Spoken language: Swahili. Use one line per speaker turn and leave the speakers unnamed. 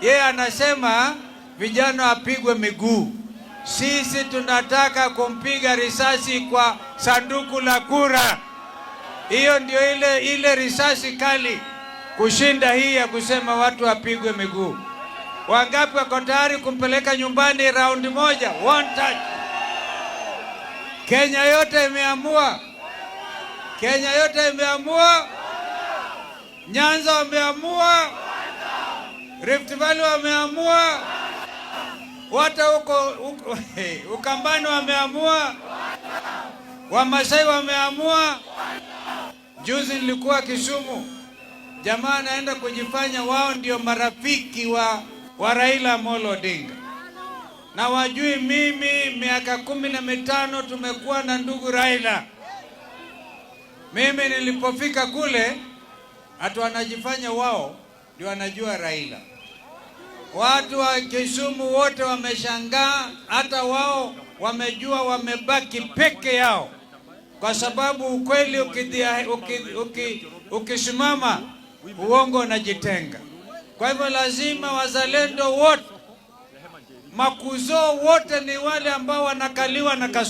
Yeye anasema vijana wapigwe miguu. Sisi tunataka kumpiga risasi kwa sanduku la kura. Hiyo ndio ile ile risasi kali kushinda hii ya kusema watu wapigwe miguu. Wangapi wako tayari kumpeleka nyumbani raundi moja, one touch? Kenya yote imeamua, Kenya yote imeamua, Nyanza wameamua. Rift Valley wameamua, wata huko Ukambani wameamua, Wamasai wameamua. Juzi nilikuwa Kisumu, jamaa anaenda kujifanya wao ndio marafiki wa, wa Raila Amolo Odinga na wajui mimi miaka kumi na mitano tumekuwa na ndugu Raila. Mimi nilipofika kule hatu anajifanya wao ndio wanajua Raila. Watu wa Kisumu wote wameshangaa, hata wao wamejua, wamebaki peke yao, kwa sababu ukweli ukisimama uki, uki, uongo unajitenga. Kwa hivyo lazima wazalendo wote, makuzo wote ni wale ambao wanakaliwa na kaso